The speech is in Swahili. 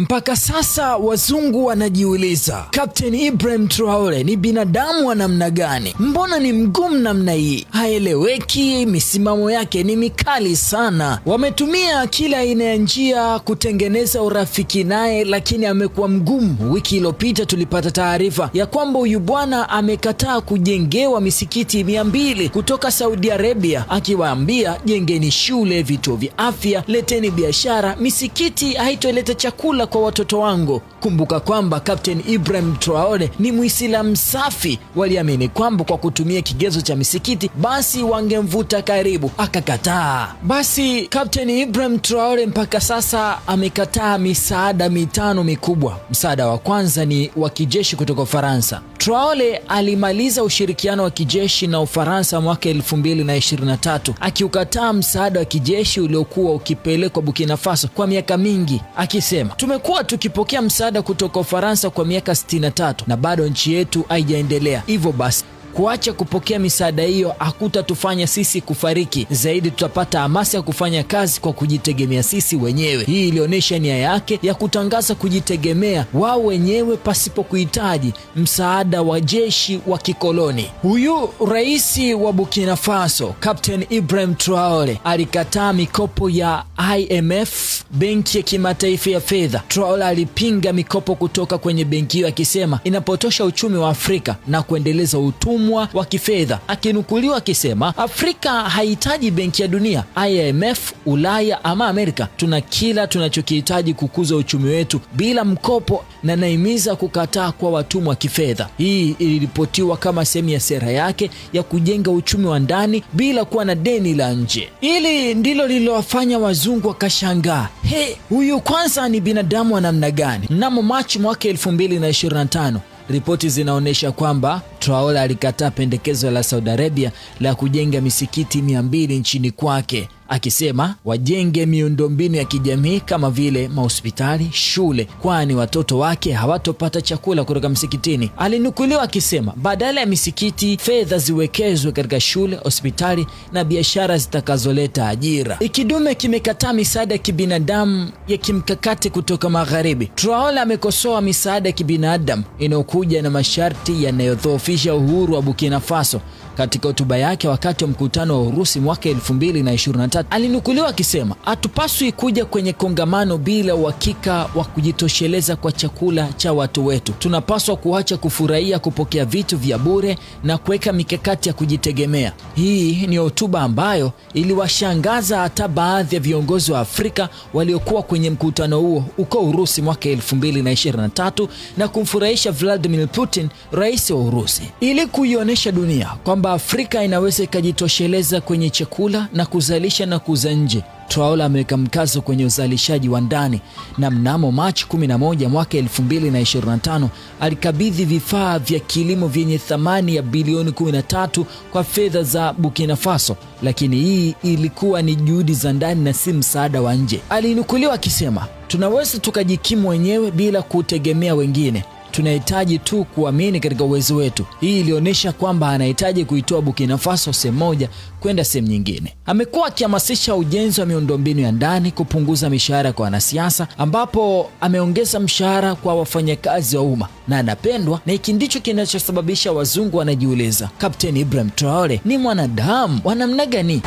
Mpaka sasa wazungu wanajiuliza Captain Ibrahim Traore ni binadamu wa namna gani? Mbona ni mgumu namna hii? Haeleweki, misimamo yake ni mikali sana. Wametumia kila aina ya njia kutengeneza urafiki naye, lakini amekuwa mgumu. Wiki iliyopita tulipata taarifa ya kwamba huyu bwana amekataa kujengewa misikiti mia mbili kutoka Saudi Arabia, akiwaambia jengeni shule, vituo vya afya, leteni biashara, misikiti haitoleta chakula kwa watoto wangu. Kumbuka kwamba Captain Ibrahim Traore ni Muislamu safi. Waliamini kwamba kwa kutumia kigezo cha misikiti basi wangemvuta karibu, akakataa. Basi Captain Ibrahim Traore mpaka sasa amekataa misaada mitano mikubwa. Msaada wa kwanza ni wa kijeshi kutoka Ufaransa. Traore alimaliza ushirikiano wa kijeshi na Ufaransa mwaka 2023 akiukataa msaada wa kijeshi uliokuwa ukipelekwa Burkina Faso kwa miaka mingi akisema tume Tumekuwa tukipokea msaada kutoka Ufaransa kwa miaka 63 na bado nchi yetu haijaendelea. Hivyo basi Kuacha kupokea misaada hiyo hakutatufanya sisi kufariki, zaidi tutapata hamasa ya kufanya kazi kwa kujitegemea sisi wenyewe. Hii ilionyesha nia yake ya kutangaza kujitegemea wao wenyewe pasipo kuhitaji msaada wa jeshi wa kikoloni. Huyu rais wa Burkina Faso Captain Ibrahim Traore alikataa mikopo ya IMF, benki ya kimataifa ya fedha. Traore alipinga mikopo kutoka kwenye benki hiyo akisema inapotosha uchumi wa Afrika na kuendeleza utumi kusukumwa wa kifedha, akinukuliwa akisema Afrika haihitaji benki ya dunia, IMF, Ulaya ama Amerika. Tuna kila tunachokihitaji kukuza uchumi wetu bila mkopo, na naimiza kukataa kwa watumwa wa kifedha. Hii iliripotiwa kama sehemu ya sera yake ya kujenga uchumi wa ndani bila kuwa na deni la nje. Hili ndilo lililowafanya wazungu wakashangaa, he, huyu kwanza ni binadamu wa namna gani? Mnamo Machi mwaka 2025 ripoti zinaonyesha kwamba Traore alikataa pendekezo la Saudi Arabia la kujenga misikiti mia mbili nchini kwake akisema wajenge miundombinu ya kijamii kama vile mahospitali, shule, kwani watoto wake hawatopata chakula kutoka msikitini. Alinukuliwa akisema badala ya misikiti, fedha ziwekezwe katika shule, hospitali na biashara zitakazoleta ajira. Ikidume kimekataa misaada ya kibinadamu ya kimkakati kutoka magharibi. Traore amekosoa misaada ya kibinadamu inayokuja na masharti yanayodhoofi kuadhifisha uhuru wa Burkina Faso. Katika hotuba yake wakati wa mkutano wa Urusi mwaka 2023 alinukuliwa akisema, hatupaswi kuja kwenye kongamano bila uhakika wa kujitosheleza kwa chakula cha watu wetu. Tunapaswa kuacha kufurahia kupokea vitu vya bure na kuweka mikakati ya kujitegemea. Hii ni hotuba ambayo iliwashangaza hata baadhi ya viongozi wa Afrika waliokuwa kwenye mkutano huo uko Urusi mwaka 2023 na kumfurahisha Vladimir Putin, rais wa Urusi kazi ili kuionyesha dunia kwamba Afrika inaweza ikajitosheleza kwenye chakula na kuzalisha na kuuza nje. twaola ameweka mkazo kwenye uzalishaji wa ndani na mnamo Machi 11 mwaka 2025 alikabidhi vifaa vya kilimo vyenye thamani ya bilioni 13 kwa fedha za Burkina Faso, lakini hii ilikuwa ni juhudi za ndani na si msaada wa nje. Alinukuliwa akisema, tunaweza tukajikimu wenyewe bila kutegemea wengine tunahitaji tu kuamini katika uwezo wetu. Hii ilionyesha kwamba anahitaji kuitoa Burkina Faso sehemu moja kwenda sehemu nyingine. Amekuwa akihamasisha ujenzi wa miundombinu ya ndani, kupunguza mishahara kwa wanasiasa, ambapo ameongeza mshahara kwa wafanyakazi wa umma na anapendwa, na hiki ndicho kinachosababisha wazungu wanajiuliza, Kapteni Ibrahim Traore ni mwanadamu wa namna gani?